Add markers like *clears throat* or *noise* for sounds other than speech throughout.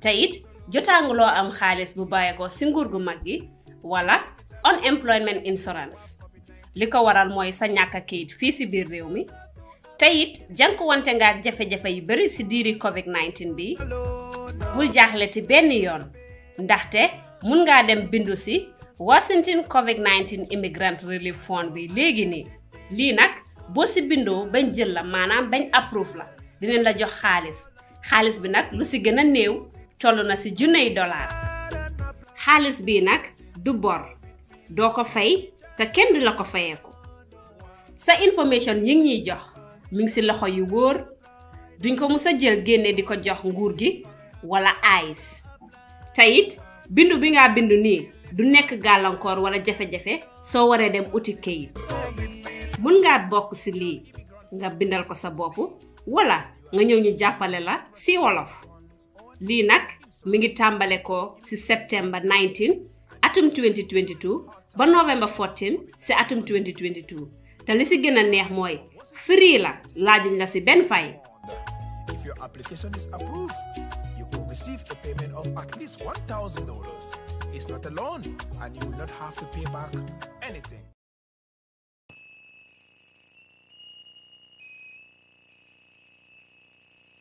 te it jotaanguloo am xaalis bu ko ci nguur gu mag gi wala unemployment insurance li ko waral mooy sa ñàkk a fii si biir réew mi te it jànkuwante nga ak jafe-jafe yu bari si diiri covid-19 bi bul jaaxle ti benn yoon ndaxte mun ngaa dem bindu si Washington covid-19 immigrant relief fund bi léegi nii lii nag boo si bindoo bañ jël la maanaam bañ approve la dinañ la jox xaalis xaalis bi nag lu si gën a néew toll na ci junney dollar xaalis bii nag du bor doo ko fay te kenn du la ko fayeeku sa information yi ngi ñuy jox mi ngi ci loxo yu wóor duñ ko mës a jël génne di ko jox nguur gi walla AIS te bindu bi nga bindu nii du nekk gàllankoor walla jafe-jafe soo waree dem uti kayit mën ngaa bokk ci lii nga bindal ko sa bopp walla nga ñëw ñu jàppale la ci wolof li nak mi ngi tàmbale ko ci septembre 19 atum 2022 ba novembre 14 ci atum 2022 te li ci gën a neex mooy free la laajuñ la ci benn fay. If your application is approved, you will receive a payment of at least $1,000. It's not a loan, and you will not have to pay back anything.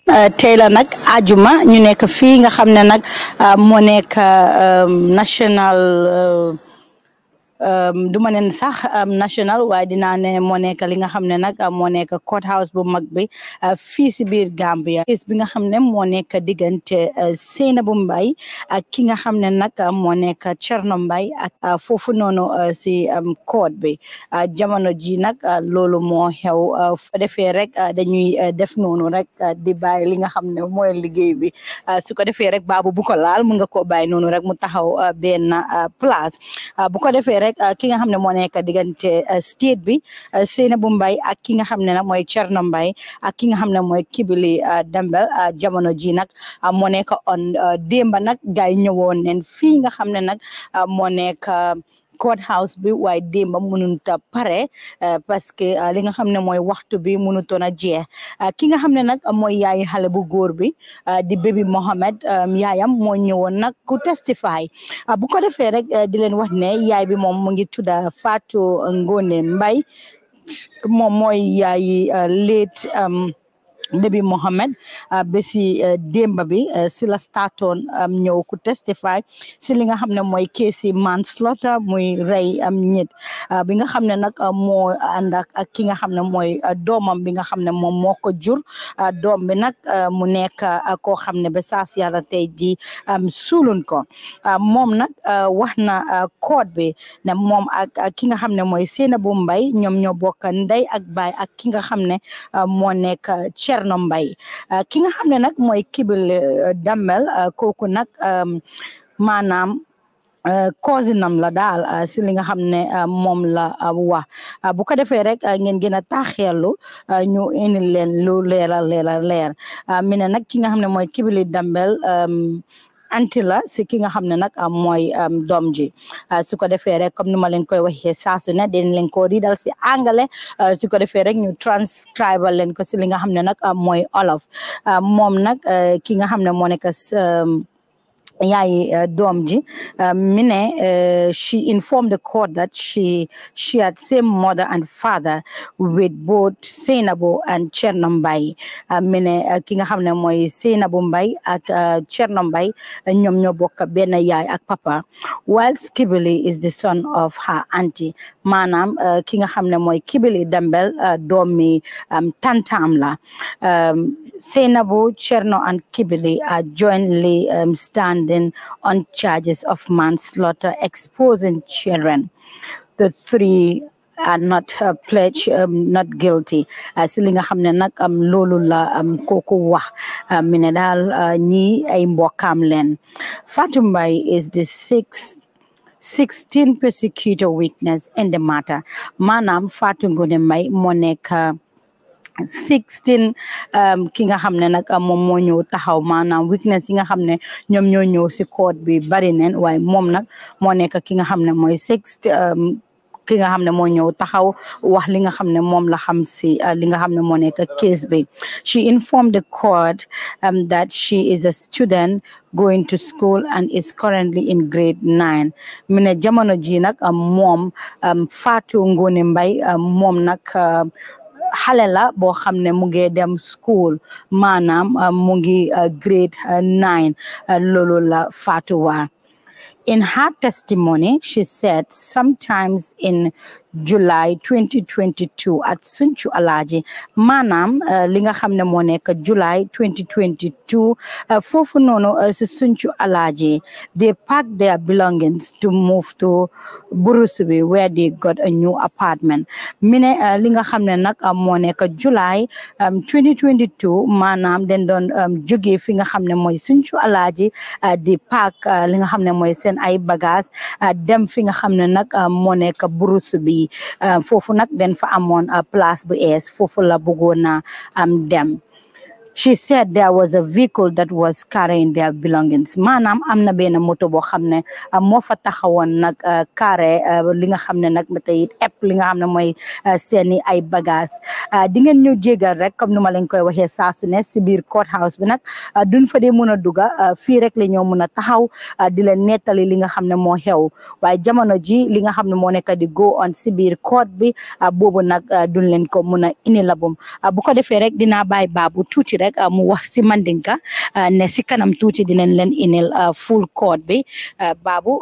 Euh, tey la nag ajuma ñu nekk fii nga xam ne nag euh, moo nekk euh, national Ehm, du ma neen sax ehm, national waaye dinaa ne moo nekk li nga xam ne nag ehm, moo nekk court house bu mag bi fii si biir Gambia case bi nga xam ne moo nekk diggante Sainabou Mbye ak ki nga xam ne nag moo nekk Cherno Mbye ak foofu noonu si court bi jamono ji nag loolu moo xew fa defee rek dañuy def noonu rek di bàyyi li nga xam ne mooy liggéey bi su ko defee rek baabu bu ko laal mun nga koo bàyyi noonu rek mu taxaw benn place bu ko defee rek ah, ki nga xam ne moo nekk diggante ah, state bi ah, Sainabou Mbye ak ki nga xam ne nag mooy Cherno Mbye ak ki nga xam ne mooy Kibili Dembel jamono ji nag moo nekk on démba nag gars yi ñëwoon neen fii nga xam ne nag moo nekk courthouse bi waaye démba mënut a pare euh, parce que euh, li nga xam ne mooy waxtu bi mënutoon a jeex euh, ki nga xam ne nag mooy yaayi xale bu góor bi di bébi Mohamed yaayam moo ñëwoon nag ku testify bu ko defee rek di leen wax ne yaay bi moom mu ngi tudda Fatou Ngone Mbye moom mooy yaayi late um, Nabi Mohammed ah, bési eh, démba bi eh, si la startoon am ñëw ku testify si li nga xam ne case manslaughter ah, muy ray am ñit ah, bi nga xam ne nag moo ànd ak ki nga xam ne mooy doomam bi nga xam ne moom jur doom bi nag mu nek koo xam ne sas saas yàlla di ji suulun ko mom nak wax na code bi ne mom ak ki nga xam ne mooy Sainabou Mbye ñoom ñoo bokk ndey ak baay ak ki nga xam ne nek nekk Cerno Mbay euh, ki nga xam ne nag mooy Kibil euh, Dammel euh, kooku nag maanaam cousinam la daal si li nga xam ne moom la wa bu ko defee rek ngeen gën a taaxeelu ñu indi leen lu leer a leer a leer mi ne nag ne mooy Kibili Dambel anti la si ki nga xam ne nag mooy doom ji ah, su ko defee rek comme ni ma leen koy waxee saa su ne den leen ko riidal si angale ah, su ko defee rek ñu transcribal leen ko si li nga xam ne nag mooy olof ah, moom nag ki nga xam ne moo nekk Yayi uh, Domji, uh, um, Mine, uh, she informed the court that she she had same mother and father with both Senabo and Chernombai. Uh, Mine, uh, ki nga xam Senabo Mbai ak uh, Chernombai, ñoom uh, nyom bokk benn yaay ak papa, while Skibili is the son of her auntie, maanaam eh, ki nga xam ne mooy Kibili Dembel eh, doomi eh, tantaam la Seynabou Cherno and Kibili are jointly standing on charges of manslaughter exposing children the three are not uh, pledge um, not guilty si li nga xam ne nag am loolu la am kooku wax mi ne ñi ay mbokkam leen Fatou is the sixth 16 prosecutor witness in the matter. Manam Fatungune Mai Moneka. 16 um, ki nga xam ne nag uh, moom taxaw maanaam witness yi nga xam ne ñoo ñëw si court bi bari neen ki nga um, ki nga ñëw taxaw wax li nga la xam uh, li nga case bi she informed the court um, that she is a student going to school and is currently in grade nine Mine ne jamono ji nag moom Fatou Ngone Mbye moom nag um, xale ne mu dem school manam um, mu ngi uh, grade uh, nine uh, lolo la Fatou In her testimony, she said, sometimes in July 2022 at Sinthiou Alaji. Manam, eh, li nga xam ne moo nekk July 2022 eh, foofu noonu eh, si Sinthiou Alaji. they packed their belongings to move to Burusibi where they got a new apartment Mine ne li nga xam ne nag moo nekk July 2022 Manam then don jógee fi nga xam ne mooy Sinthiou Alaaji di pack li nga xam ne mooy seen ay bagage dem finga hamne nak ne nag moo Euh, foofu nag den fa amoon euh, place bu ees foofu la bëggoon na am dem she said there was a vehicle that was carrying their belongings Manam am na moto boo xam ne uh, moo fa taxawoon nag uh, carré uh, li nga xam ne nag tey ep li nga xam ne mooy ay bagages di ngeen ñu jégal rek comme ni ma koy waxee saa su ne si biir courthouse bi nag duñ fa dee mën a dugga fii rek la ñoo mën a taxaw di leen nettali li nga xam ne moo xew waaye jamono ji li nga xam ne nekk di go on si biir court bi boobu nak duñ leen ko mën a inilabum bu ko defee rek dinaa bàyyi baabu tuuti rek rek ah, mu wax si mandinka ah, ne si kanam tuuti dinañ leen inil ah, full court bi baabu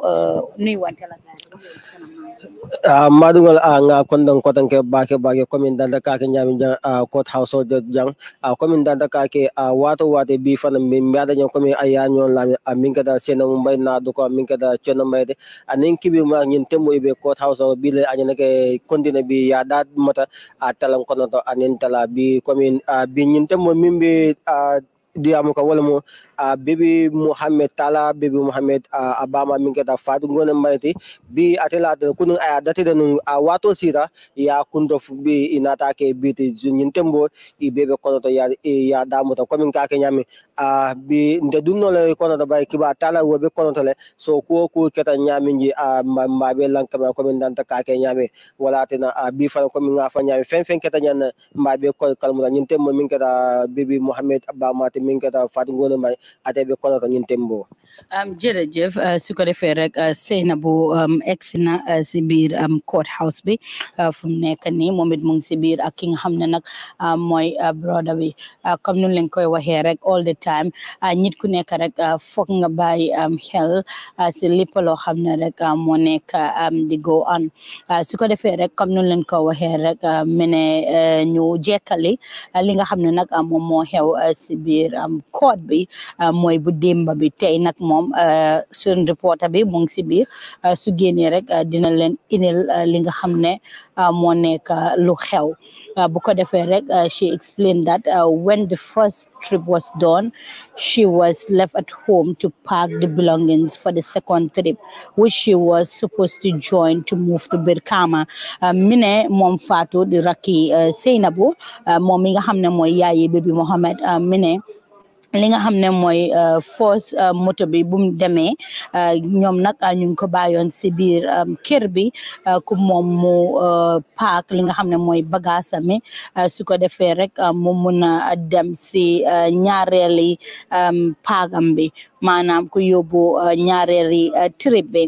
nuy wante la Ah, madungal a ah, nga kondon kotan ke bake bake komin danda ke nyami jang a ah, court house de jang a komin danda ke a wato wate bi fana min mbada nyon komi aya nyon lam a min kada sena mumbai na do ko min kada chono mbayde anen kibi ma ibe court house bi le anyana ke kondina bi ya da mata a talan kono to anen tala bi komin a bi nyin tembo min bi a diamu wala mo a ah, bibi muhammed tala bibi muhammed uh, ah, abama minketa fatu ngone mayti bi atela de kunu aya de nun a ah, wato sira ya kundo bi inata ke biti tembo i bebe konoto ya ya damuta komin ka ke nyami a bi nde dunno le konoto bay kiba tala wo be konoto le so ko ko keta nyami nji a uh, ma be lankama komin danta ka ke nyami wala tena a bi fana komin nga fa nyami fen fen keta nyana ma be ko tembo nyintembo minketa bibi muhammed abama te minketa fatu ngone may Ada ɓe koɗa to ñin tembo Um, jërëjëf uh, su ko defee rek uh, Sainabou um, egsi na uh, si biir um, court house bi fu mu nekk nii moom it mu ngi si biir ak ki nga xam ne nag mooy broda bi comme nu leen koy waxee rek all the time nit ku nekk rek foog nga bàyyi xel si lépp loo xam ne rek moo nekk di go on su ko defee rek comme nu leen ko waxee rek mene ñu jekkali li nga xam ne nag moom moo xew si biir court bi mooy bu démb bi tey nag moom euh, reporter bi ngi euh, su rek euh, dina li nga lu xew bu ko rek she explained that when the first trip was done she was left at home to pack the belongings for the second trip which she was supposed to join to move to Birkama Mine, ne Fatou di rakki Seynabou moom mi nga yaayi Mohamed mine li nga xam ne euh, force euh, moto bi bu demé demee euh, ñoom nag ñu ngi ko bàyyoon si biir kër bi ku moom mu paak li nga xam ne mooy bagaasami su ko defee rek mu mun bi ku yóbbu ñaareeli trip bi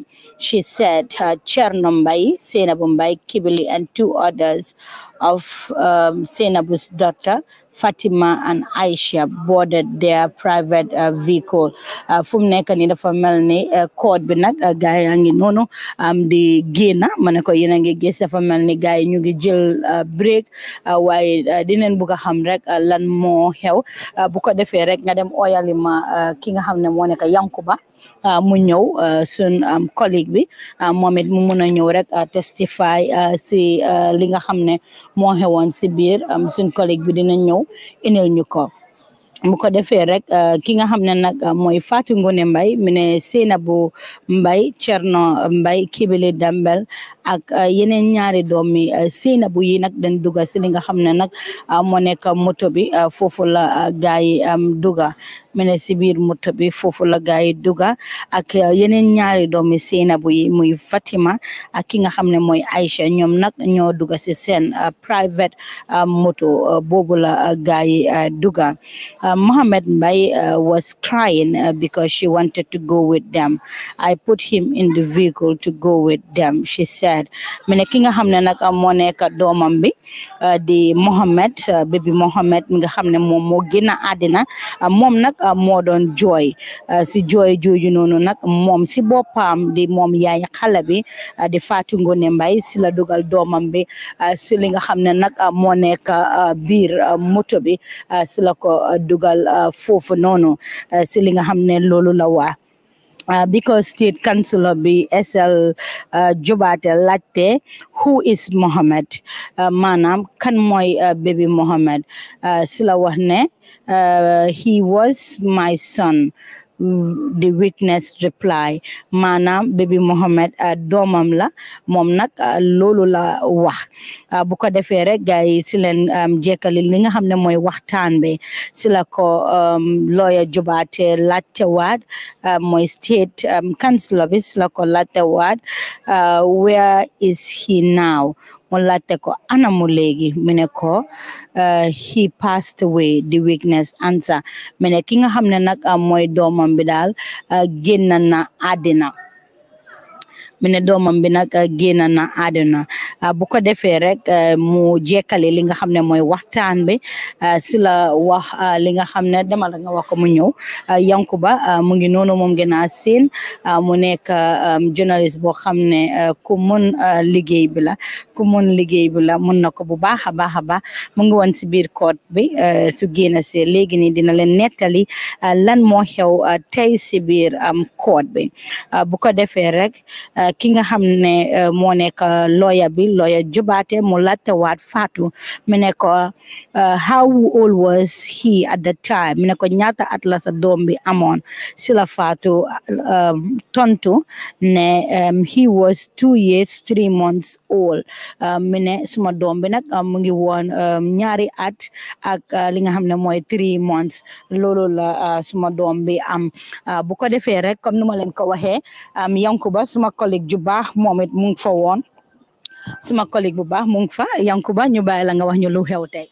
she said uh, chair Mbye Sainabou Mbye Kibili and two others of um, senabus daughter Fatima and Aisha boarded their private uh, vehicle uh, fu mu nekk nii dafa mel ni uh, code bi nag gaay yaa ngi noonu am di génn ma ne ko yéen a ngi gis dafa mel ni gaay ñu ngi jël break waaye dinañ bugg a xam rek lan moo xew bu ko defee rek nga dem oyalima ki nga xam ne moo nekk Yankuba Euh, mu ñëw euh, sun collègue bi euh, moom it mu mun a ñëw rek testify si li nga xam ne moo xewoon si biir sun collègue bi dina ñëw indil ñu ko bu ko defee rek ki nga xam ne nag mooy Fatou Ngone mbay mi ne Sainabou mbay Cerno Mbye Kibili Dambel ak ah, yeneen ñaari doomi ah, Seynabou yi nag dañ duga si li nga xam ne nag ah, moo nekk moto bi foofu la gaa yi duga mene si biir moto bi foofu la gaa duga ak yeneen ñaari doomi Seynabou yi muy Fatima ak ki nga xam ne mooy Aïcha ñoom nag duga si seen private moto boobu la gaa duga Mohamed Mbaye was crying because she wanted to go with them I put him in the vehicle to go with them she said said mu ne ki nga xam ne nag moo nekk doomam bi uh, di Mohamed uh, bébi Mohamed mi nga xam ne moom moo génn àddina uh, moom nag moo doon jooy si jooy jooju noonu nag moom si boppam di moom yaay xale bi di Fatou Ngone Mbaye si la dugal doomam bi si li nga xam ne nag moo nekk biir moto bi si la ko dugal foofu noonu si li nga xam ne loolu la Uh, because State Councillor be S.L. Uh, Jobate Latte, who is Mohammed uh, Manam, can my uh, baby Mohammed uh, Sila uh, he was my son. the mm, witness reply maanaam baby Mohamed ah, doomam la moom nag ah, loolu la wax ah, bu ko defee rek gars yi si leen jekkali li nga xam ne mooy waxtaan bi si la ko lawyer Jubateh laajte waat mooy state councilor bi si la ko laajte waat where is he now mu laajte ko anamu léegi mu ne uh, he passed away the weakness answer mene ki nga xam ne nag uh, bidal doomam uh, bi na àddina mu ne doomam bi nag génn na àdduna ah, bu ko defee rek eh, mu jekkale li nga xam ne mooy waxtaan bi ah, si la wax ah, li nga xam ne demal nga wax ko mu ñëw Yankuba mu ngi noonu moom gën a seen mu nekk journaliste boo xam ne ku mun liggéey bi la ku mun liggéey bi la mun na ko bu baax a baax a baax mu ngi woon si biir court bi eh, su génn si léegi nii dina leen nettali lan moo xew tey si biir court bi bu ko rek ki nga xam ne euh, moo nekk euh, lawyer bi lawyer Jobate mu laajte waat Fatou mu ne ko euh, how old was he at the time mu ne ko ñaata at la sa doom bi amoon si la Fatou tontu ne he was two years three months old mu ne suma doom bi nag mu ngi woon ñaari at ak li nga xam ne mooy three months loolu suma doom bi am bu ko defee rek comme nu ma leen ko waxee Yankuba suma collègue collègue ju baax moom mu ngi fa woon suma collègue bu baax mu fa Yankuba ñu bàyyi la nga wax ñu lu xew tey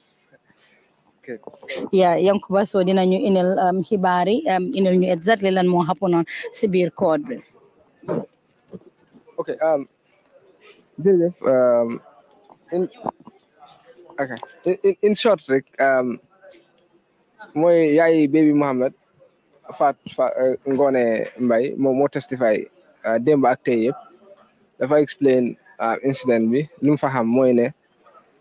ya Yankuba soo dinañu inel um, xibaar um, inel ñu exactly lan moo xaponoon si biir code bi ok um, in short rek mooy yaay baby Mohamed Fat uh, Ngone Mbye moom moo testify Euh, démb ak tey yëpp dafa explain euh, incident bi lu mu fa xam mooy ne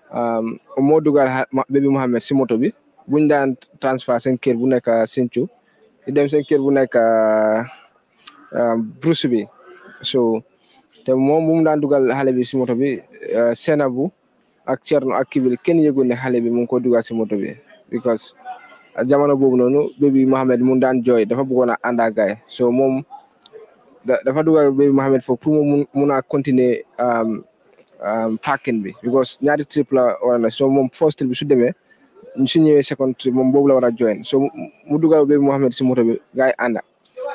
euh, moo dugal bébi Mohamed si moto bi buñ daan transfert seen kër bu nekk Sinthiou di dem seen kër bu Bruce bi so te moom bu mu daan dugal xale bi si moto bi Senabu ak Cerno ak Kibil kenn yëgul ne xale bi mu ko dugal si moto bi because jamono boobu noonu bébi Mohamed mu daan jooy dafa bëggoon a ànd so moom dafa dugal Baby Mohamed foofu pour mu mun a continuer um, um, packing bi because ñaari trip la na so moom first trip bi su demee su ñëwee second trip moom boobu la war a join so mu dugal Baby Mohamed si moto bi gars yi ànda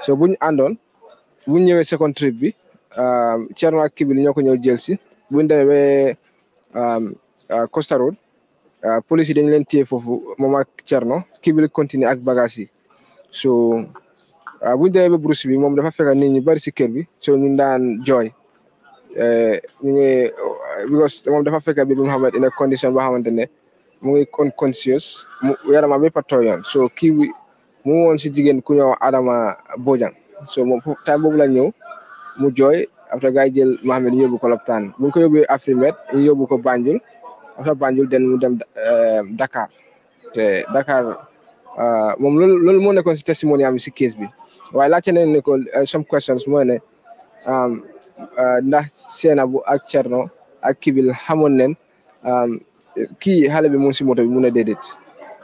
so buñu àndoon buñ ñëwee second trip bi um, Thierno ak Kibili ñoo ko ñëw jël si buñ demee ba uh, Costa Road uh, police yi dañ leen téye foofu moom ak Thierno Kibili continuer ak bagage yi Ah, buñ demee ba Bruce bi moom dafa fekk nit ñi bari si kër bi so ñu daan jooy eh, ñu ngi because moom dafa fekk bi Muhammad in a condition boo xamante ne mu ngi unconscious mu yaramam bépp a tooyoon so kii bi mu woon si jigéen ku ñëw Adama Bojang so moom time boobu la ñëw mu jooy après gars yi jël Mohamed yóbbu ko lopitaan bu ñu ko yóbbee Afrimed ñu yóbbu ko Banjul après Banjul den mu dem eh, Dakar te Dakar ah, moom loolu loolu moo nekkoon si testimonial bi si case bi waaye laajte nañ ne ko euh, some questions mooy ne um, euh, ndax Sainabou ak Cerno ak Kibil xamoon nen um, kii xale bi mu si moto bi mun ne déedéet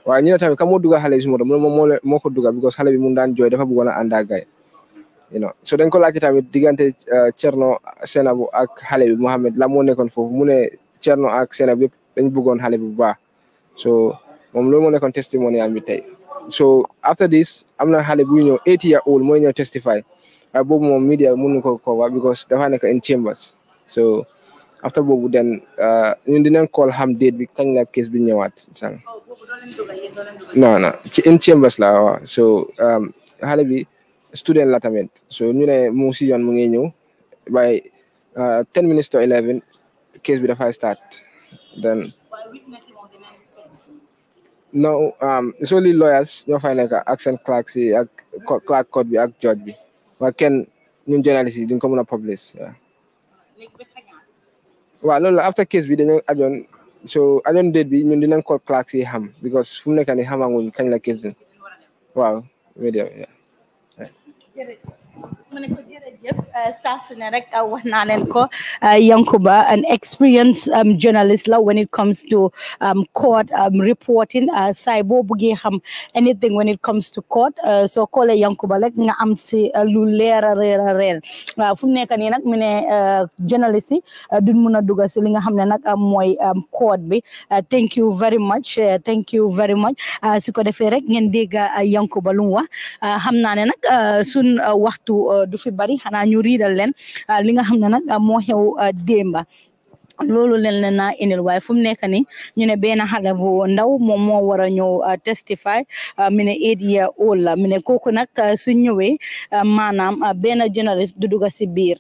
waaye ñu ne tamit ka moo dugal xale bi si moto mu ne moom moo ko dugal because xale bi mu daan jooy dafa bëggoon a ànd ak gaay you know so dañ ko laajte tamit diggante euh, Cerno Sainabou ak xale bi Mohamed la moo nekkoon foofu mu ne Cerno ak Sainabou yëpp dañ bëggoon xale bi bu baax so testimony am so after this am na xale bu ñëw eight year old mooy ñëw testify I ah, boobu moom media mënuñu ko cover because dafa nekk in chambers so after then, we ah, did dinañ call xam date bi kañ la case bi ñëwaat sànq No, no, ci in chambers la so um, xale bi student la so ñu ne mu si mu ngi ñëw by ah, ten minutes to eleven case bi dafay start then no um it's only lawyers ñoo fay nekk uh, ak seen clerk si ak clerk code bi ak judge bi waa kenn ñun journalist yi duñ ko mën a publish loolu la after case bi dañoo ajoon so ajoon date bi ñun dinañ ko clerk si xam because fu mu nekk nii xamanguñ kañ la case bi waaw media bi Ah, ah, ah, Yankuba an experienced um, journalist when it comes to um, court um, reporting saay anything when it comes to court call koolee Yankuba rek nga am si lu leer a reer a reer fu journalist duñ si court bi thank you very much thank you very much su ko defee rek Yankuba sun du fi bari xanaa ñu riidal leen li nga xam ne nag moo xew démba loolu leen leen naa indil waaye fu mu nekk ni ñu ne benn xale bu ndaw moom moo war a ñëw uh, testify uh, mi ne eight year old la mi ne kooku nag uh, su ñëwee maanaam benn journaliste du dugg si biir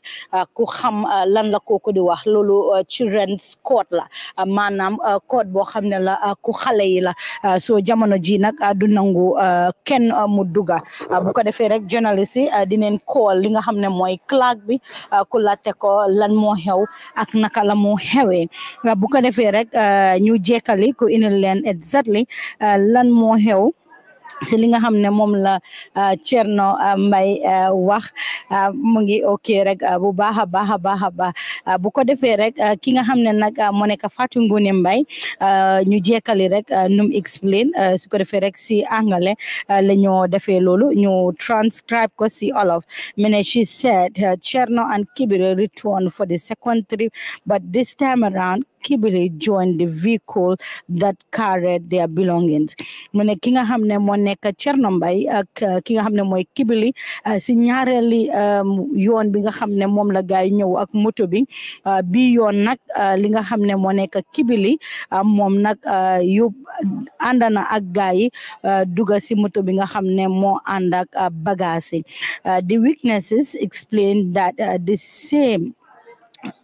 ku xam lan la kooku di wax loolu children's court la maanaam court boo xam ne la ku xale yi la soo jamono ji nag du nangu kenn mu duga bu ko defee rek journaliste si dineen call li nga xam ne mooy clerk bi ku laajte ko lan moo xew ak naka la moo xewee bu ko defee rek euh, ñu jekkali ku indil leen exactly euh, lan moo xew si li nga cherno ne moom la ah, Thierno ah, Mbay ah, wax mu ngi ok rek bu baax a baax ba baax a bu ko defee rek ki nga xam ne nag Fatou Ngoné Mbay ñu rek num explain su ko defee rek si anglais la ñoo defee ñu transcribe ko si Wolof mu she said cherno and kibir returned for the second trip but this time around Kibili joined the vehicle that carried uh, their belongings mu Kinga Hamne nga xam ne moo nekk Cherno Mbye uh, ak uh, ki nga xam ne mooy Kibili si ñaareeli um, yoon bi nga xam ne moom la gaay ñëw ak moto bi bi yoon nag li nga xam ne moo nekk Kibili moom nag yu ànd na ak gaay yi duga si moto bi nga xam ne moo ànd the witnesses explained that the same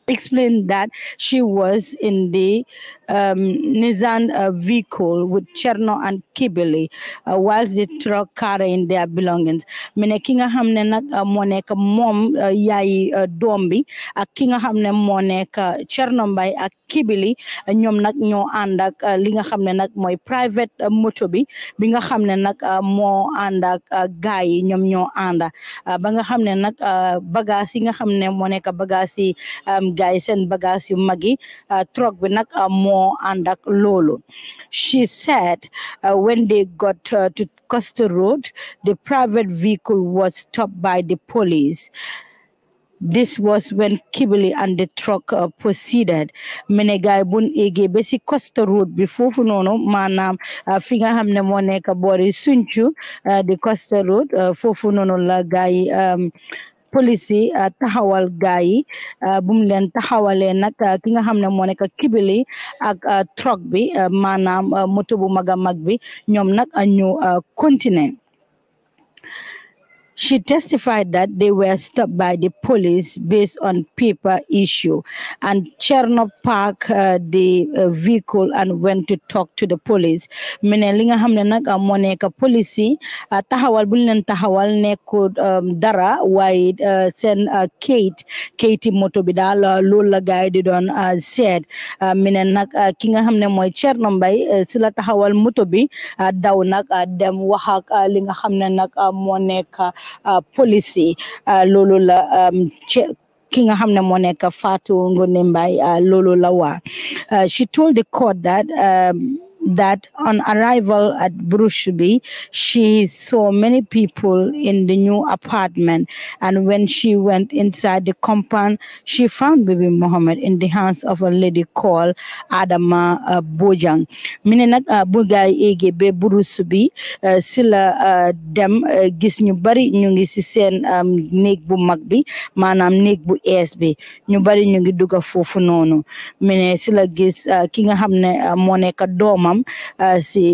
explained that she was in the um, Nissan uh, vehicle with Cherno and Kibili, uh, whilst the truck carrying their belongings. Mene ki nga xam ne nag uh, moo nekk moom uh, yaay uh, doom bi Cherno by a Kibili nyom nag ñoo ànd linga hamne nga xam private moto bi bi nga xam ne nag moo ànd ak gaay yi ñoom ñoo ànd nga hamne ne bagasi. Um, Guys and bagas yu mag yi uh, truck bi nag uh, moo ànd ak loolu she said uh, when they got to Costa Road the private vehicle was stopped by the police this was when Kibili and the truck uh, proceeded mu ne bun ege ba Costa Road before foofu noonu maanaam fi nga xam ne ka nekk boori Sunchu di Costa Road foofu noonu la gaay um, police yi ah, taxawal gaay yi ah, bu mu leen taxawalee nag ah, ki nga xam ne moo nekk kibili ak truck bi maanaam moto bu mag a mag bi ñoom nag ñu continuer She testified that they were stopped by the police based on paper issue and Chernop parked uh, the uh, vehicle and went to talk to the police. Mene li nga xam ne nag uh, moo nekk police yi uh, taxawal bu ñu leen taxawal nekkul um, dara waaye uh, seen kayit kayiti moto bi daal loolu la gars yi di doon seet mene nag ki nga xam ne mooy Chernop Mbye si la taxawal dem wahak linga li nga moneka. Uh, policy uh, loolu la um, ki nga xam ne moo nekk Fatou uh, la she told the court that um, that on arrival at Brushby, she saw many people in the new apartment. And when she went inside the compound, she found baby Mohammed in the hands of a lady called Adama uh, Bojang. Meaning nag uh, bulgaay ege be Brushby uh, sila uh, dem gis ñu bari ñu ngi um, bu magbi bi maanaam bu ees bi ñu ngi gis kinga hamne mona kadoma. Euh, si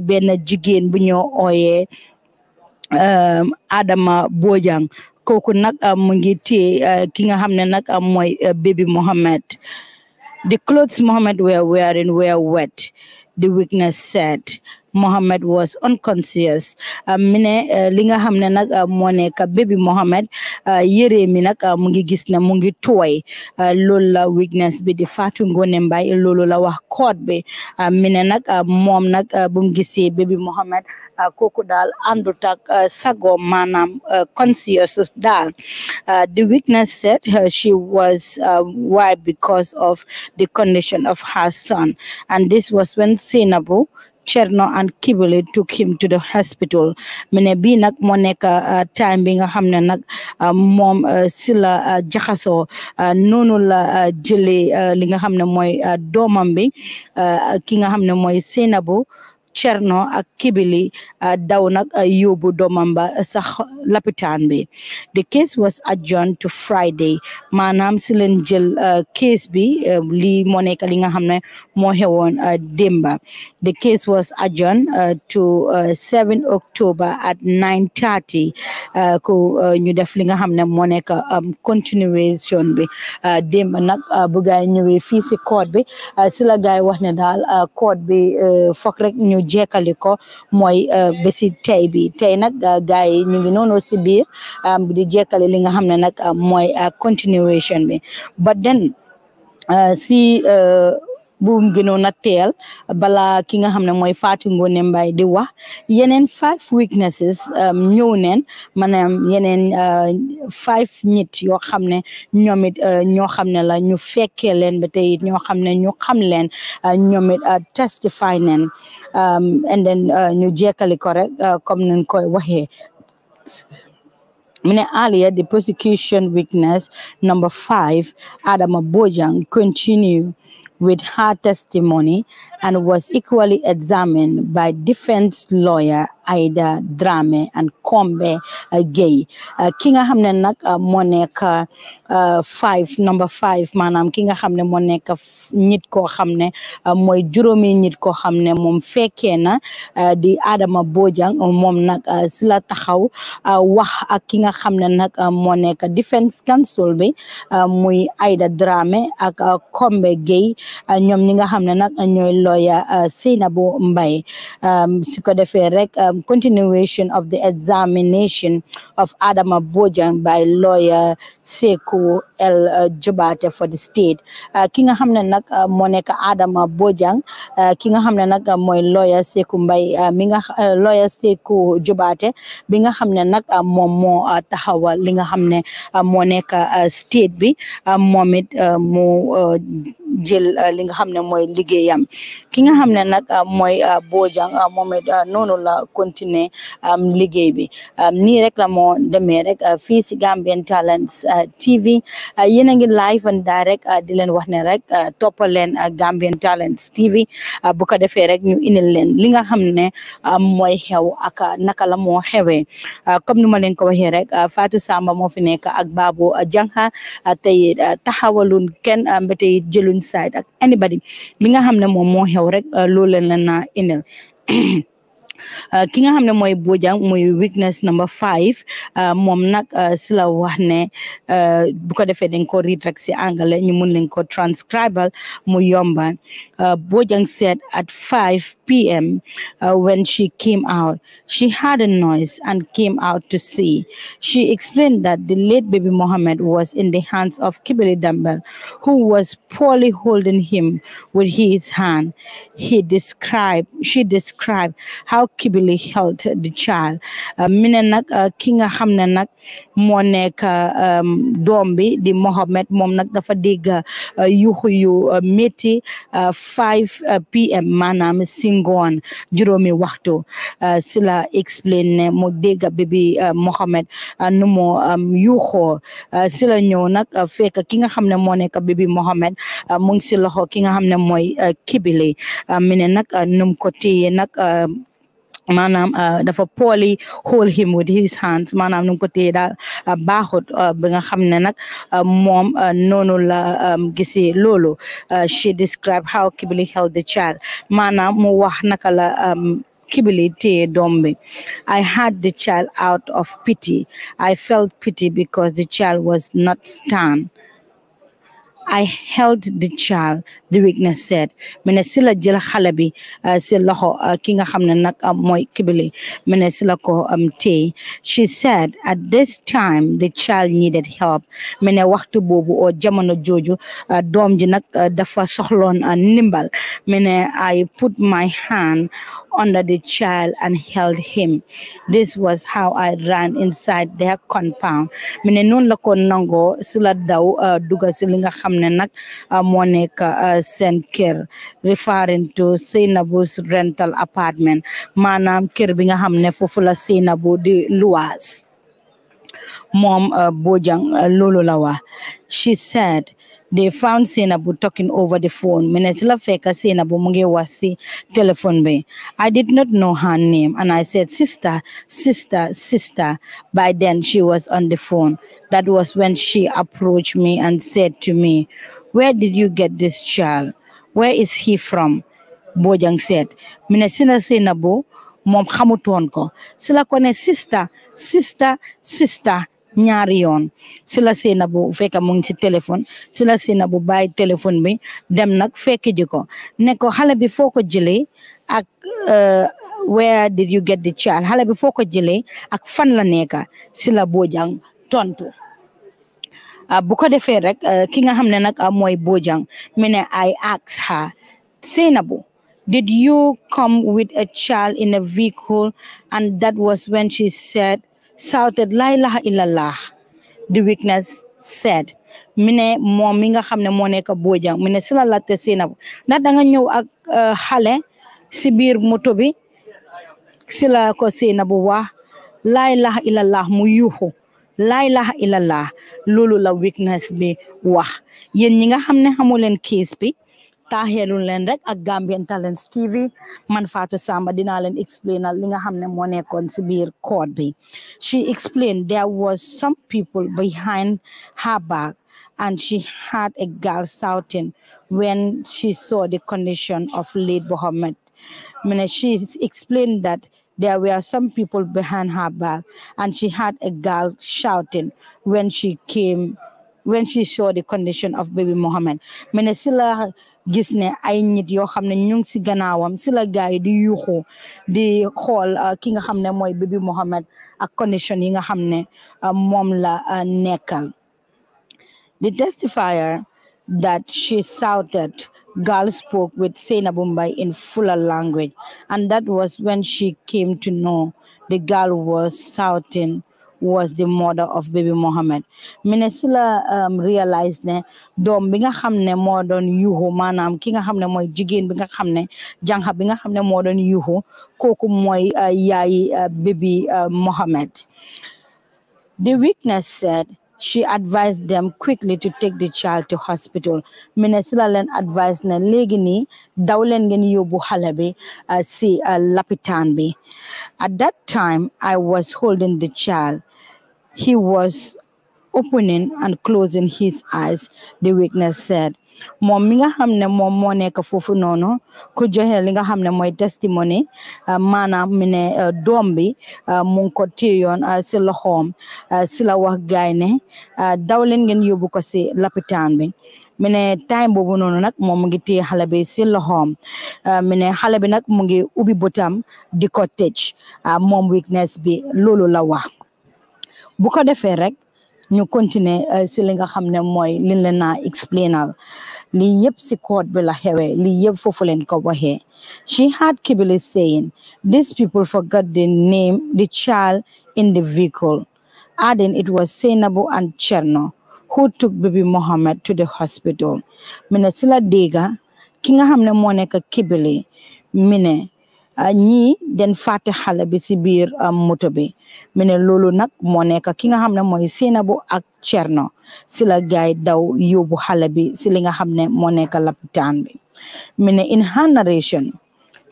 euh, Adama Bojang euh, baby Mohammed the clothes Mohammed were wearing were wet the witness said Mohammed was unconscious mu linga eh, li nga xam ne nag eh, moo nekk bébé Mohamed eh, yére mi nag mu ngi gis ne mu ngi tooy loolu la witness bi di Fatou Ngone Mbaye la wax court be mi ne nag mom nag bu mu gisee bébé Mohamed kooku daal àndut ak sago maanaam conscious daal the witness said she was why because of the condition of her son and this was when Sainabou Cherno and Kibili took him to the hospital mu ne bii nag moo nekk uh, time bi nga xam ne nag uh, moom uh, si la jaxasoo noonu la jëlee li nga xam ne mooy doomam bi ki nga xam ne mooy Seynabou Cerno ak Kibili daw nag yóbbu doomam sax lapitaan bi the case was adjourned to Friday maanaam si leen jël uh, case bi lii moo nekk li nga xam ne moo uh, démba the case was adjourned uh, to 7 October at 9:30 ku ñu def li nga xam ne moo nekk um, continuation bi démb nag bu gaay ñëwee fii si court bi sila la gaay wax ne dal court bi fokk rek ñu jekkali mooy euh, bési tey bi tey nag euh, gars yi ñu ngi noonu si biir euh, di jekkali li nga xam ne nag mooy continuation bi but then si bu gënoon a teel bala ki nga xam ne mooy Fatou Ngone Mbye di wax yeneen five weaknesses um, ñëw neen maanaam yeneen five nit yoo xam ne ñoom ñoo xam ne la ñu fekkee leen ba tey it ñoo xam ne ñu xam leen ñoom it testify neen Um, and then ñu jekkali ko rek comme nañ Mine earlier, the prosecution witness number five, Adam Bojang, continued with her testimony and was equally examined by defense lawyer Ida Drame and Kombe uh, Gay. Uh, Kinga hamne nak uh, moneka uh, five number five manam Kinga Hamne Moneka mo nek nit ko xamne uh, juromi nit ko xamne mom fekke na uh, di adama bojang mom nak ci uh, la taxaw uh, wax nak uh, mo defense counsel bi muy Aida Drame ak Kombe Gay ñom nak ñoy lawyer uh, Sainabou mbay um, su ko defee rek um, continuation of the examination of Adama Bojang by lawyer Seku El Jobate uh, for the state uh, ki nga xam ne nag moo nekk Adama Bojang ki nga xam ne nag mooy lawyer Seku Mbye mi nga lawyer Seku Jobate bi nga xam ne nag moom moo li nga xam ne moo nekk state bi moom it mu jël euh, li nga xam ne mooy liggéeyam ki nga xam ne nag euh, mooy euh, Bojang moom it noonu la continuer liggéey bi nii rek la moo demee rek fii si Gambian Talents TV yéen a ngi live and direct di leen wax ne rek toppal leen Gambian Talents TV bu ko defee rek ñu indil leen li nga xam ne mooy xew ak naka la moo xewee comme ni ma leen ko waxee rek Fatou Samba moo fi nekk ak Babou Jangha tey taxawalun kenn mbete jëlun inside anybody li nga xam ne moom rek uh, loolu la *clears throat* Uh, King nga xam Bojang muy weakness number five uh, moom Nak uh, si la wax ne bu ko defee dañ ko read rek si ñu mun leen ko transcribal mu yomba Bojang said at 5 p.m. when she came out she had a noise and came out to see she explained that the late baby Mohammed was in the hands of Kibeli Dambel who was poorly holding him with his hand he described she described how occupably held the child uh, mi ne nag uh, ki nga xam ne nag moo nekk um, doom bi di Mohamed moom nag dafa dégg uh, yuxu yu métti 5 pm maanaam si ngoon juróomi waxtu si la explain ne mu dégg bébi Mohamed nu mu um, yuuxoo si la ñëw nag fekk ki nga xam ne moo nekk bébi Mohamed mu ngi si loxo ki nga xam ne mooy kibili mi ne nag num ko nag maanaam uh, dafa poli hold him with his hands Manam, nu ko bunga daal mom uh, bi uh, nga xam la um, gisee loolu she described how Kibili held the child Manam, mu wax naka la um, Kibili téye doom I had the child out of pity I felt pity because the child was not stunned. I held the child the witness said mu ne si la jël xale bi eh, si loxo eh, ki nga xam ne nag eh, mooy kibili mu ne ko am she said at this time the child needed help mu ne waxtu boobu oo oh, jamono jooju doom ji nag dafa soxloon ndimbal mu ne I put my hand under the child and held him. This was how I ran inside their compound. mu ne noonu la ko nangoo si daw uh, duga si li nga xam ne nag uh, moo nekk uh, referring to Sinabu's rental apartment Manam kër binga hamne fufula Sinabu foofu la Seynabou di luwaas moom Bojang loolu la she said they found Senabu talking over the phone. Minetila Feka Senabu Munge Wasi telephone me. I did not know her name and I said, Sister, sister, sister. By then she was on the phone. That was when she approached me and said to me, Where did you get this child? Where is he from? Bojang said, Minesina Senabu, Mom Hamutonko. Sila kone sister, sister, sister ñaari yoon si la Sainabou fekk mu ngi si téléphone si la Sainabou bàyyi téléphone bi dem nag fekk ji ko ne ko xale bi foo ko jëlee ak eh, where did you get the child xale bi foo ko jëlee ak fan la nekk si la Bojang tontu ah, bu ko defee rek eh, ki nga xam ne nag ah, mooy her. mi ne I asked her Sainabou did you come with a child in a vehicle and that was when she said shouted laa ilaaha illallah the witness said mu ne moom mi nga xam ne moo nekk Bojang mu ne si la laajte Sainabou ndax da nga ñëw ak euh, xale si biir moto bi si la ko Sainabou wax laa ilaaha illallah mu yuuxu laa ilaaha illallah loolu la witness bi wax yéen ñi nga xam ne xamu leen case bi. taaxeelu leen rek ak Gambian Talents TV man Fatou Samba dinaa leen explainal li nga xam ne moo nekkoon si biir bi she explained there was some people behind her back and she had a girl shouting when she saw the condition of late Muhammad. I mean, she explained that there were some people behind her back and she had a girl shouting when she came when she saw the condition of baby Mohammed. I mean, gis ne ay nit ñu ngi gannaawam la di di euh, ki nga Bibi ak condition yi nga euh, la euh, nekkal. The testifier that she shouted, girl spoke with Bombay in fuller language, and that was when she came to know the girl was shouting was the mother of baby Mohammed mu ne realized that, um, realize ne doom bi nga xam ne moo doon yuuxu maanaam ki nga xam ne mooy jigéen bi nga xam ne jànxa bi nga xam ne moo doon yuuxu kooku mooy uh, yaayi uh, baby uh, Mohammed the witness said she advised them quickly to take the child to hospital mu ne si la leen advice ne léegi nii daw leen ngeen si lapitaan at that time I was holding the child he was opening and closing his eyes, the witness said. moom mi nga xam ne moom moo nekk foofu noonu ku joxe li nga xam ne mooy testimony uh, Mana mi ne uh, doom bi uh, mu ngi ko téyoon si loxoom si la wax gaay ne daw leen ngeen yóbbu ko si lapitaan bi mi ne time boobu noonu nag moom mu ngi téye xale bi si loxoom mi ne xale bi nag mu ngi ubbi bëtam di ko tëj moom witness bi loolu la wax bu ko defee rek ñu continuer euh, si li nga xam ne mooy liñ explainal lii yëpp si court bi la xewee lii yëpp foofu leen ko waxee she had Kibili saying these people forgot the name the child in the vehicle adding it was Sainabu and Cherno who took baby Mohammed to the hospital Mina sila si la dégga ki nga xam ne moo nekk Kibili a ah, ñii den fàtte xale bi si biir ah, moto bi mu ne loolu nag moo nekk ki nga xam ne mooy Sainabou ak Cherno si la gaay daw yóbbu xale bi si li nga xam ne moo nekk lapitaan bi mu ne in her narration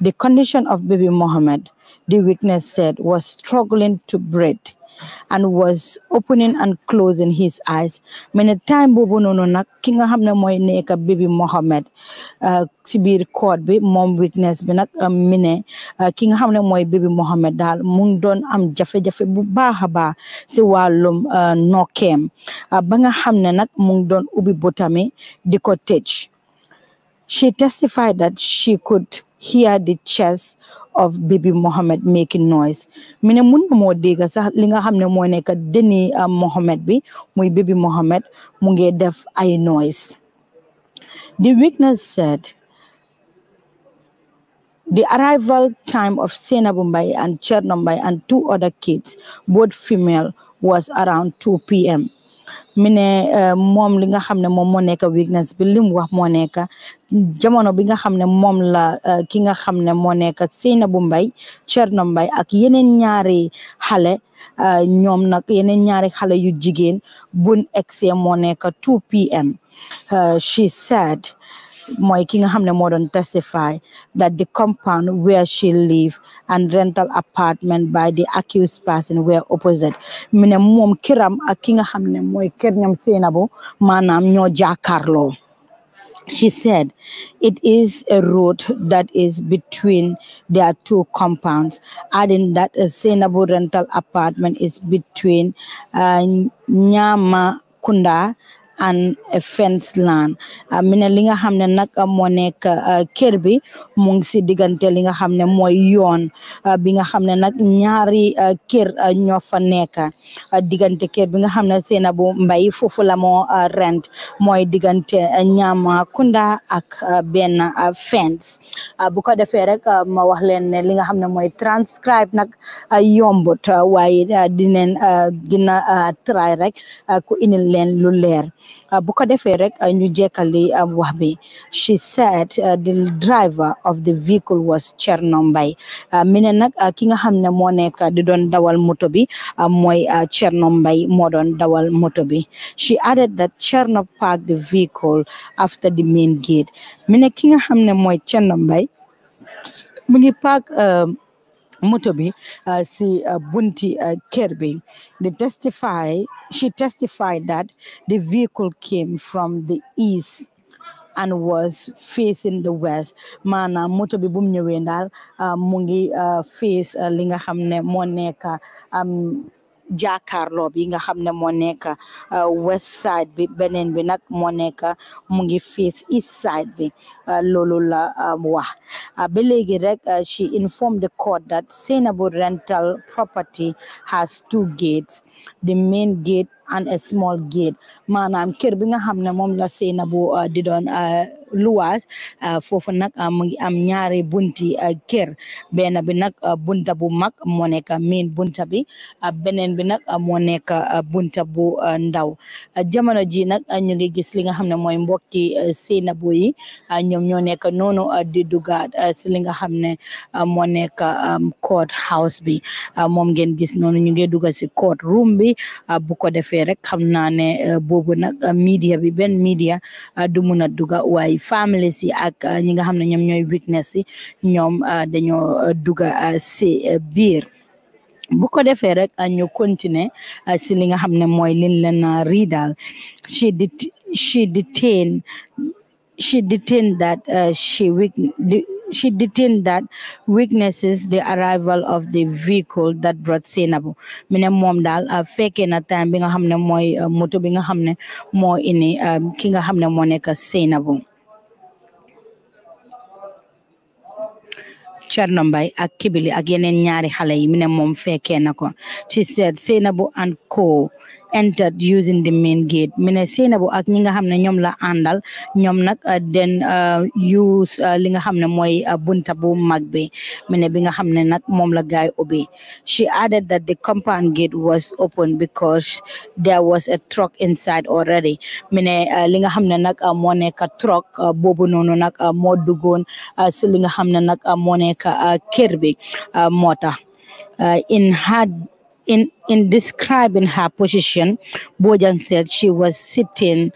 the condition of baby Mohammed the witness said was struggling to breathe and was opening and closing his eyes Many time Bobo noonu nag ki nga xam ne mooy nekk Bibi Mohamed uh, si biir court bi moom witness bi nag um, mi ne uh, ki nga xam ne mooy Bibi Mohamed daal am jafe-jafe bu baax a baax si wàllum uh, nokkeem ba nga xam ne nag mu ngi doon ubbi botami tëj she testified that she could hear the chest of Bibi Mohammed making noise mu ne mun na moo dégg sax li nga xam ne uh, Mohammed bi muy Bibi Mohammed mu ngi def ay noise the witness said the arrival time of Seinabu Mbai and Cherno Mbai and two other kids both female was around 2 p.m mi ne euh, moom li nga xam ne moom moo weakness bi li mu wax moo nekk jamono bi nga xam ne moom la euh, ki nga Cherno ak yeneen ñaari xale euh, ñoom nag yeneen ñaari xale yu bun exe moo 2 pm she said Moiking modern testified that the compound where she lived and rental apartment by the accused person were opposite. Mine mom kiram aking hamne moy kernyam senabo manam nyo jakarlo. She said, it is a road that is between their two compounds, adding that a Senabo rental apartment is between uh, Nyama Kunda and a fenced land ah, mu ne li nga xam ne nag moo nekk ah, kër bi mu ngi si diggante li nga xam ne mooy yoon ah, bi nga xam ne nag ñaari kër ñoo fa nekk diggante kër bi nga xam ne Sainabou Mbye foofu la moo rent mooy diggante Nyamacunda ak benn fence bu ko defee rek ma wax leen ne li nga xam ne mooy transcribe nag yombut waaye dineen gën a try rek ku indil leen lu leer bu ko defee she said uh, the driver of the vehicle was Cherno uh, Mbye uh, kinga hamne nag ki ne moo dawal motobi. dawal Motobi. she added that Cherno parked the vehicle after the main gate mi kinga hamne nga xam ne mooy Mutobi, uh, si uh, Bunti uh, Kirby, they testify, she testified that the vehicle came from the east and was facing the west Mana moto bi Mungi uh, uh, face uh, Linga Hamne Moneka. ne jàkkaarloo bi nga xam ne moo nekk euh, west side bi beneen bi nag moo nekk mu ngi face east side bi euh, loolu la euh, wax ba léegi rek she informed the court that Sainabou rental property has two gates the main gate and a small gate maanaam kër bi nga xam ne moom la Sainabou uh, di doon uh, luwaas uh, foofu nag mu ngi am ñaari bunti kër benn bi nag bunta bu mag moo nekk miin bunta bi beneen bi nag moo nekk bunta bu ndaw jamono ji nag ñu ngi gis li nga xam ne mooy mbokki Sainabou yi ñoom ñoo nekk noonu di dugaat si li nga xam ne moo nekk um, court house bi moom ngeen gis noonu ñu ngi dugg si court room bi bu ko defee defee rek xam naa ne euh, boobu nag euh, media bi benn media euh, du mun a duga waaye family si ak ñi nga xam ne ñoom ñooy witness si ñoom dañoo duga si biir bu ko defee rek ñu continuer si li nga xam ne mooy liñ leen riidal she she detained she detained that she detained that witnesses the arrival of the vehicle that brought Sainabou mu ne moom daal ah, fekkee na time binga hamne xam ah, moto binga hamne xam ini moo hamne ah, ki nga xam ak Kibili ak ñaari xale yi ne moom fekkee na she said Sainabou and co entered using the main gate mu ne Sainabou ak ñi nga xam ne ñoom la àndal ñoom nag uh, den uh, use uh, li nga xam ne mooy bunta bu mag bi mu ne bi nga xam ne nag la gaay ubbi she added that the compound gate was open because there was a truck inside already mu ne li nga xam ne nag moo nekk truck boobu noonu nag moo duggoon si li nga xam ne nag moo nekk kër bi motor. tax in had in in describing her position, Bojan said she was sitting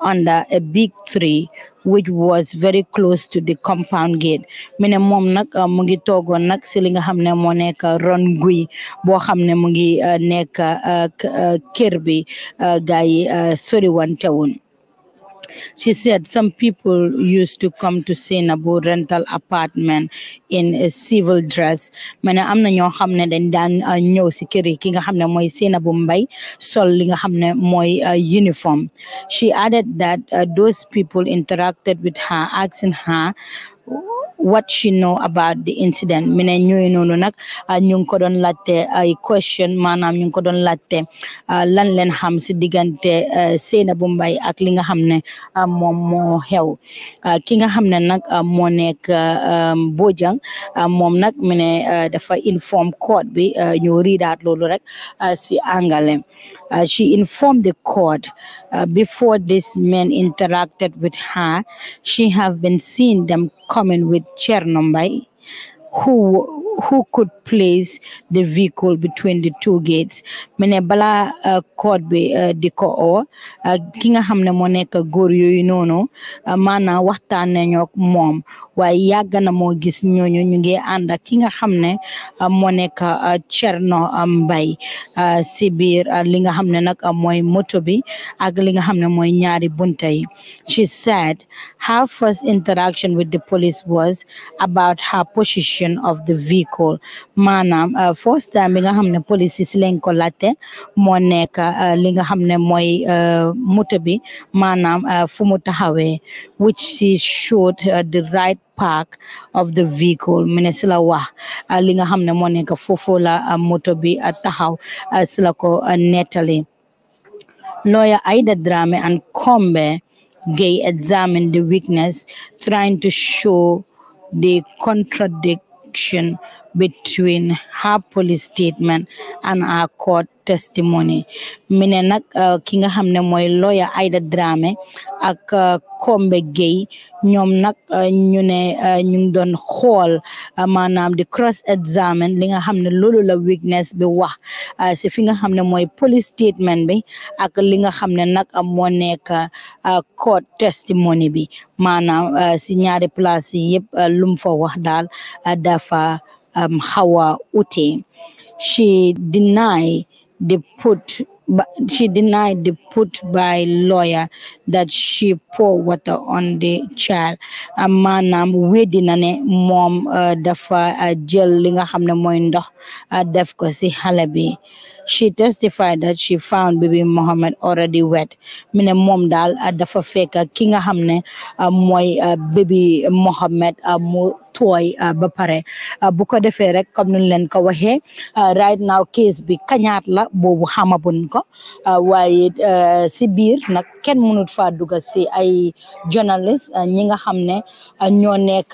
under a big tree which was very close to the compound gate Mene ne nak nag uh, mu ngi toogoon nag si li nga xam ne moo ron guy boo mu ngi uh, uh, she said some people used to come to see Sainabou rental apartment in a civil dress ma ne am na ñoo xam ne dañ daan uh, ñëw si kër yi ki nga xam ne mooy Sainabou Mbye sol li nga xam uh, uniform she added that uh, those people interacted with her asking her what she know about the incident mi ne ñooy noonu nag ah, ñu ngi ko doon laajte ah, ay question maanaam ñu ngi ko doon laajte ah, lan leen xam si diggante eh, Sainabou Mbye ak li nga xam ne moom moo xew ki nga xam ne nag moo nekk um, Bojang moom nag mi ne eh, dafa inform court bi eh, ñu riidaat loolu rek si angale Uh, she informed the court uh, before this man interacted with her. She have been seeing them coming with Chernobyl who who could place the vehicle between the two gates mene bala code bi di ko oo hamne moneka xam ne moo nekk góor yooyu noonu maanaam waaye yàgg na mo gis ñooñu ñu ngi ànd ak ki nga xam ne ah, moo nekk Cerno ah, ah, Mbay si biir li nga xam ne nag mooy moto bi ak li nga xam ne mooy ñaari bunta she said her first interaction with the police was about her position of the vehicle manam maanaam first time bi nga xam ne police yi si leen ko laajte moo nekk li nga xam ne mooy moto bi maanaam fu mu taxawee which she showed the right park of the vehicle mine sila wax li nga xam ne moo nekk foofu la moto bi taxaw sila ko nettali lawyer Aida Drame and Kombe Gay examined the witness trying to show the contradiction between her police statement and her court testimony mi ne nag uh, ki nga xam ne mooy lawyer Aida drame ak uh, Kombe Gueye ñoom nag uh, ñu ne ñu ngi doon xool maanaam di cross examine li nga xam ne loolu la witness bi wax si fi nga xam ne mooy police statement bi ak li nga xam ne nag moo nekk court testimony bi maanaam si ñaari place yëpp lu fa wax daal dafa um, Hawa Uti. She denied the put she denied the put by lawyer that she pour water on the child A manam weddi na mom uh, dafa uh, jël li nga xam ne ndox uh, def ko ci xale she testified that she found baby Muhammad already wet mu mom dal daal ah, dafa fekk ah, ki nga xam ne ah, mooy baby Muhammad mu toy ba pare bu ko defee rek comme nuñ leen ko waxee right now case bi kañaat la boobu xamabuñ ko waaye si biir nag kenn mënut faa dugg si ay journalist ñi nga xam ne ñoo nekk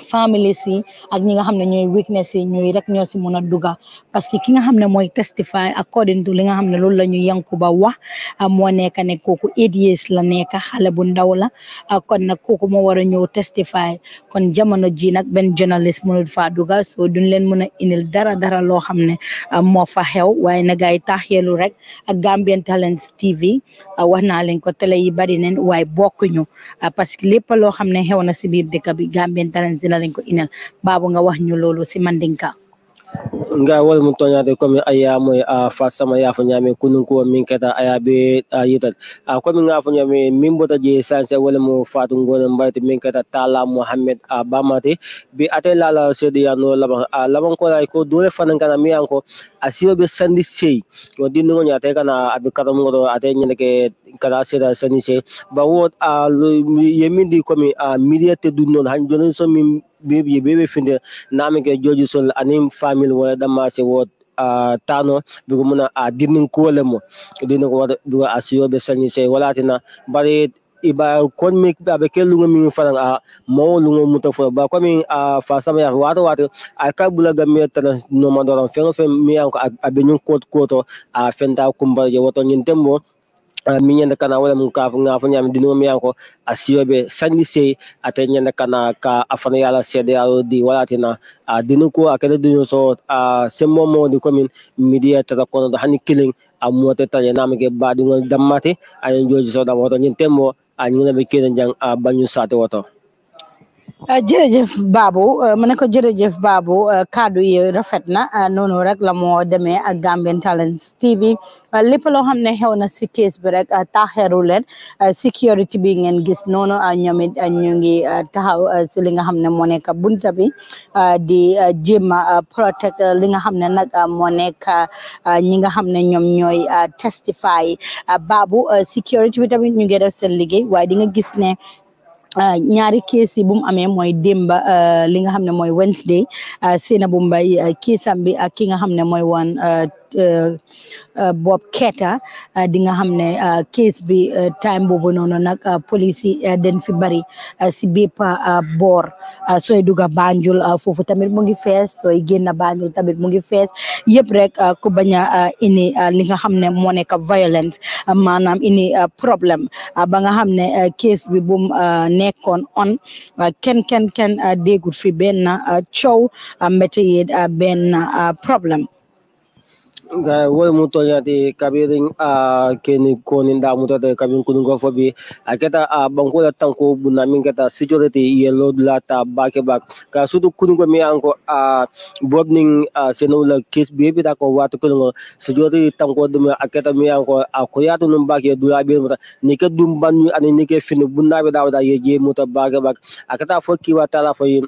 family si ak ñi nga xam ne ñooy weakness yi ñooy rek ñoo si mun a duga parce que ki nga xam ne mooy testify according to li nga xam ne loolu la ñu Yankuba wax ah, moo nekk ne kooku eight la nekk xale bu ndaw la ah, kon nag kooku moo war a ñëw testify kon jamono ji nag benn journalist mënul faa duga soo duñ leen mën a indil dara dara loo xam ne ah, moo fa xew waaye nag ay taaxeelu rek ak Gambian Talents TV wax naa leen ko télé yi bari neen waaye bokkuñu parce que lépp loo xam ne xew na si biir dëkk bi Gambian Talents sila ko inal babu nga wax ñu loolu si mandinka nga wal mun toñade comme aya moy a fa sama ya fa nyame kunun ko min keta aya be a yital a comme nga fa nyame min bota je sanse wala mo fatu ngona mbayte min kata tala muhammed a bamati bi atelala lala sedi no anu laban a laban ko lay ko dole kana mi anko asiyoɓe sandi sey o dindigo ñate kana ah, aɓe katamugoto ate ñaneke kana seeda sandi sey bawo ah, yemin di komi midia teddu noon han joni so min beɓe beɓe finde namike joji sol family famille wona ɗammase wot ah, tano bigo muna a dirnin kole mo dirnin ko wata bigo a siyoɓe sanyi sey walatina bari iba kon mi abe ke lunga mi fanan a mo lunga muta fo ba kwa mi a fasa sama ya wato wato a ka bula ga mi tana no ma doran fe fe mi an ko abe nyun ko a fenda kumba je ya wato nyin tembo min yanda kana wala mun ka nga fa nyam dinu mi yanko asiyobe sandi sey ate nyanda kana ka fana yala sede a di wala tina a dinu ko akede dinu so a semmo mo di komin media tada kono da hani killing a mote tanya namake badi ngol dammate ayen joji so da moto nyin tembo 아니나 믿게 된장 아반유 사도와도 Euh, jërëjëf baabu euh, ma ne ko jërëjëf baabu euh, kaddu yi rafet na noonu rek la moo demee ak Gambian Talents TV lépp loo xam ne xew na si case bi rek taaxeeru leen sécurité bi ngeen gis noonu ñoom it ñu ngi taxaw si li nga xam ne moo nekk bunta bi di jéem a protect li nga xam ne nag moo nekk ñi nga xam ne ñoom ñooy testify Babou sécurité bi tamit ñu ngi def seen liggéey waaye di nga gis ne Euh, ñaari kees yi bu mu amee mooy démba euh, li nga xam ne mooy Wednesday euh, Sainabou Mbye keesam bi ak ki nga xam ne mooy woon Uh, uh, Bob Keita uh, di nga xam ne case bi time boobu noonu nag police yi fi bari si bépp boor sooy dugg Banjul foofu tamit mu ngi fees sooy génn Banjul tamit mu ngi fees yëpp rek ku bañ a ini li nga xam ne moo nekk violence maanaam ini problème ba nga xam ne case bi bu nekkoon on kenn kenn kenn déggul fi benn coow météo benn problème ga wol muto nyati kabirin a keni konin da muto da kabin kunun go fobi aketa a banko da tanko bunamin keta security yellow lata bake bak ka sudu kunun go mi anko a bobning a senula case bebi da ko watu kunun security tanko dum aketa mi anko a ko yatu num ya dula be muta ni ke dum banu ani ni ke finu bunabe da da ye je muta bake bak aketa fo kiwa tala fo yi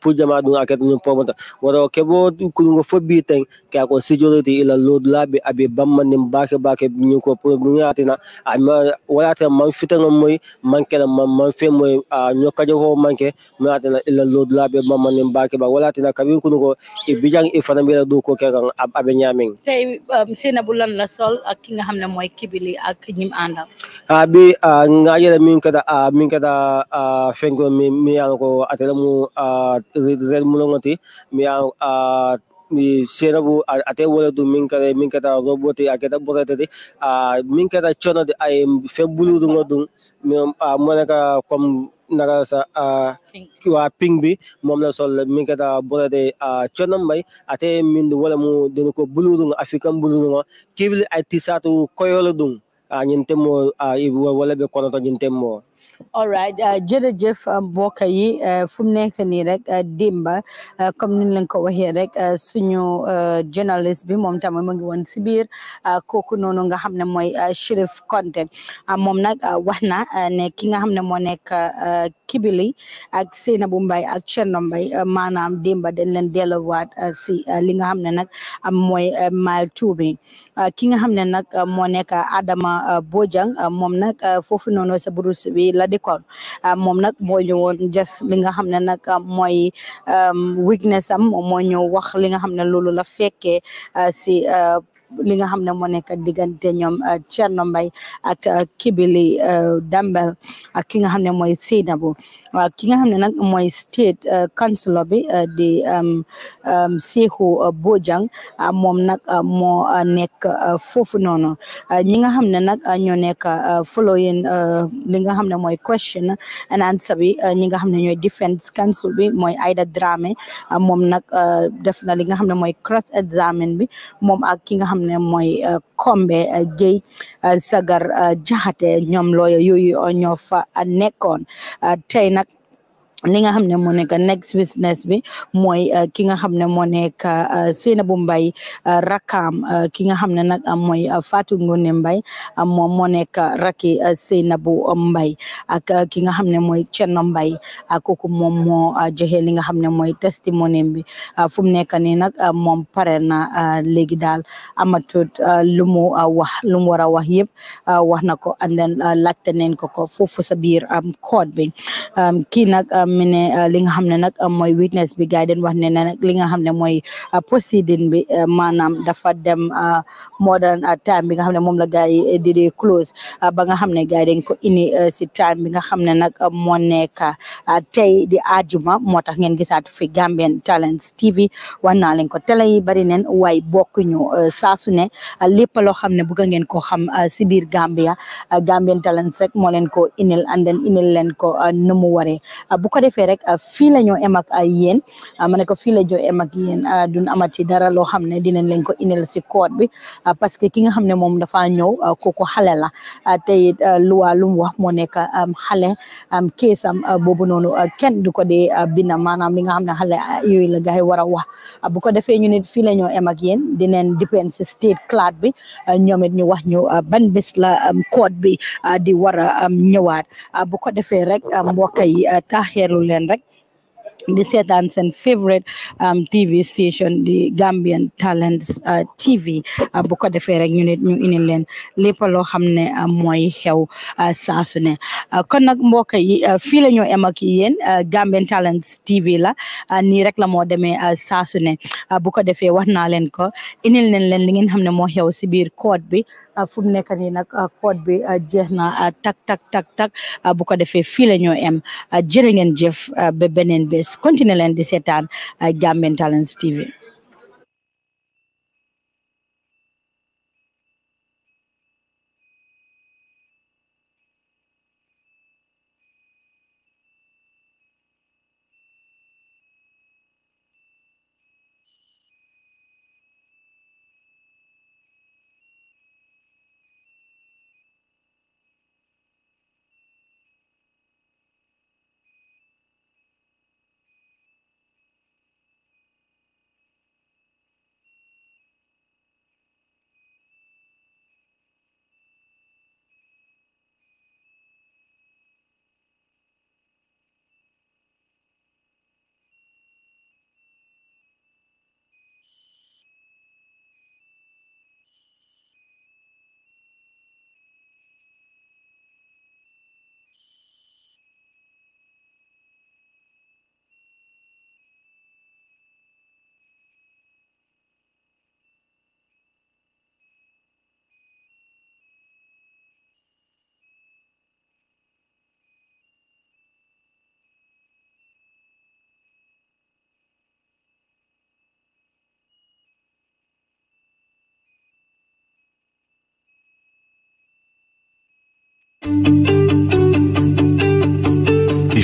pujama ɗum akete ñum pomata woto keɓo kunugo fobbi ten ke ako sijoriti ila lodulaɓe aɓe bammanin bake bake ñin ko ɗum yatina ama walate man fitego moy mankela man man fe moy a ila lodulaɓe bammanin bake ba walatina kabi kunugo e bijan e fana mbiyata ɗo a bi a a a fenko mi a mulongoti mi a mi senabu ate wala du min kare min kata roboti ta borete de a min kata chono de fe bulu du ngodum mi a monaka comme naga sa wa ping bi mom la sol min kata borete a chono mbay ate min wala mu den ko buluru afrikan buluru kibli ay tisatu koyolo dum a ñintemmo a wala be konoto ñintemmo all right uh, jërëjëf uh, mbokk yi uh, fu mu nekk nii rek démba comme ni leen ko waxee rek suñu journaliste bi moom tam mu ngi woon si biir kooku noonu nga xam ne mooy Sheriff Konte moom nag wax na ne ki nga xam ne moo nekk Kibili ak Sainabou Mbye ak Cherno Mbye maanaam démba dañ leen delluwaat si li nga xam ne nag mooy mile two bi ki nga ne nag moo nekk Adama Bojang moom nag foofu noonu sa burus bi dëkkoon ah, moom nag moo ñëwoon jëf li nga xam ne nag ah, mooy ah, weakness am moo ñëw wax li nga xam ne loolu la fekkee si li nga xam ne moo nekk diggante ñoom Thierno mbay ak Kibili Dambel ak ki nga xam ne mooy Sainabou Uh, ki nga xam ne nag mooy state uh, councilor bi uh, di um, um, Seku Bojang moom nag moo nekk foofu noonu ñi nga xam ne nag ñoo nekk following li nga xam ne mooy question and answer bi ñi nga xam ne defense council bi mooy Aida Dramé moom nag def na li nga xam ne mooy cross examine bi moom ak ki nga xam ne mooy Kombe Gueye Sagar Jaxate ñoom looya yooyu ñoo fa nekkoon tey nag li nga xam ne moo nekk next business bi mooy uh, ki nga xam ne moo nekk uh, Sainabou Mbye uh, rakam ki nga xam ne nag mooy Fatou mbay Mbye moom moo nekk raki Sainabou Mbye ak ki nga xam ne mooy mbay Mbye kooku moom moo joxe li nga xam ne mooy testimonium bi fu mu nekk nii nag moom pare na léegi daal amatut lu mu wax lu mu war a wax yëpp wax na ko and then laajte neen ko ko foofu sa biir um, code bi um, kii nag um, mu ne ah, li nga xam ne nag ah, mooy witness bi gaay den wax ne nag li nga xam ne mooy ah, proceeding bi maanaam dafa dem moo daan time bi nga xam ne moom la gaay eh, di di close ba nga xam ne gaay dañ ko ini eh, si time bi nga xam ne nag moo a tey di ajuma moo tax ngeen gisaat fi Gambian Talents TV wax naa leen ko télé yi bari neen waaye bokkuñu eh, saa su ne lépp loo xam ne bëgg ngeen ko xam si biir Gambia Gambian Talents rek moo leen ko inil and then inil ko nu mu waree bu defee rek ah, fii la emak em ak ah, yéen ah, ma ne ko fii la ñoo em ak yéen duñ amati dara loo xam ne dinañ leen ko indil si code bi parce que ki nga xam ne moom dafa ñëw kooku xale la te it luwa lu mu wax moo nekk xale wah, boobu noonu kenn du ko dee binda maanaam li nga la a wax bu ko defee ñu nit fii la em ak dinañ state clade bi ñoom it ñu wax ñu ban bés la code bi di war a ñëwaat bu ko defee rek mbokk yi teewlu leen rek di seetaan seen favorite um, TV station di Gambian Talents uh, TV uh, bu ko defee rek ñu ne ñu indi leen lépp loo xam ne uh, mooy xew saa su ne kon nag mbokk yi fii la ñu em ak yéen Gambian Talents TV la nii rek la moo demee saa su ne bu defee wax naa leen ko indil leen leen xam ne moo xew si biir code bi. Ah, fu mu nekk nii nag ah, code bi ah, jeex na tak tak tak tak bu ko defee fii la ñoo em jërë ngeen jëf ba beneen bés continuer leen di seetaan Gambian Talents TV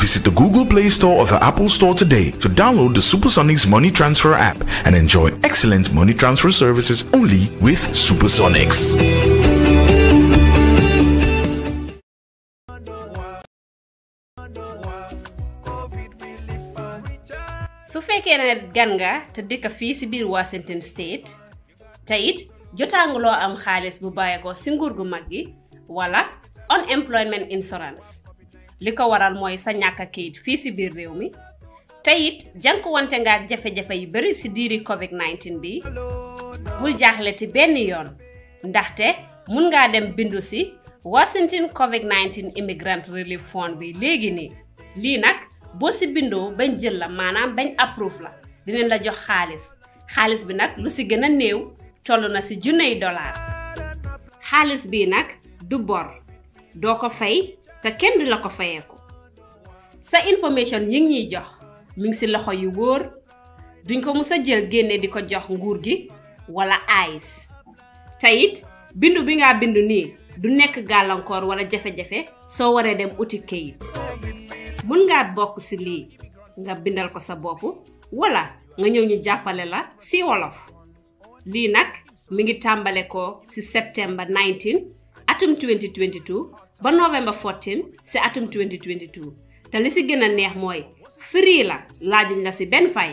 Visit the Google Play Store or the Apple Store today to download the Supersonics Money Transfer app and enjoy excellent money transfer services only with Supersonics. su fekkee ne gan nga te dëkk fii si biir Washington State te it jotaanguloo am xaalis bu bàyyeekoo si nguur gu wala unemployment insurance li ko waral mooy sa ñàkk a kayit fii si biir réew mi te it wante nga ak jafe-jafe yu bari si diiri Covid 19 bi bul jaaxleti benn yoon ndaxte mun ngaa dem bindu si Washington Covid 19 Immigrant Relief Fund bi léegi nii lii nag boo si bindoo bañ jël la maanaam bañ approuve la dinañ la jox xaalis xaalis bi nag lu si gën a néew toll na si junney dollar xaalis bii nag du bor doo ko fay. te kenn du la ko fayeeku sa information yi ngi jox mu ngi ci loxo yu wóor duñ ko mës a jël génne di ko jox nguur gi wala AIS te bindu bi nga bindu nii du nekk gàllankoor wala jafe-jafe soo waree dem uti kayit mën ngaa bokk ci lii nga bindal ko sa bopp wala nga ñëw ñu jàppale la ci wolof lii nag mu ngi tàmbale ko ci septembre 19 atum 2022 ba novembre 14 si atum 2022 te li si gën a neex mooy free la laajuñ la si benn fay.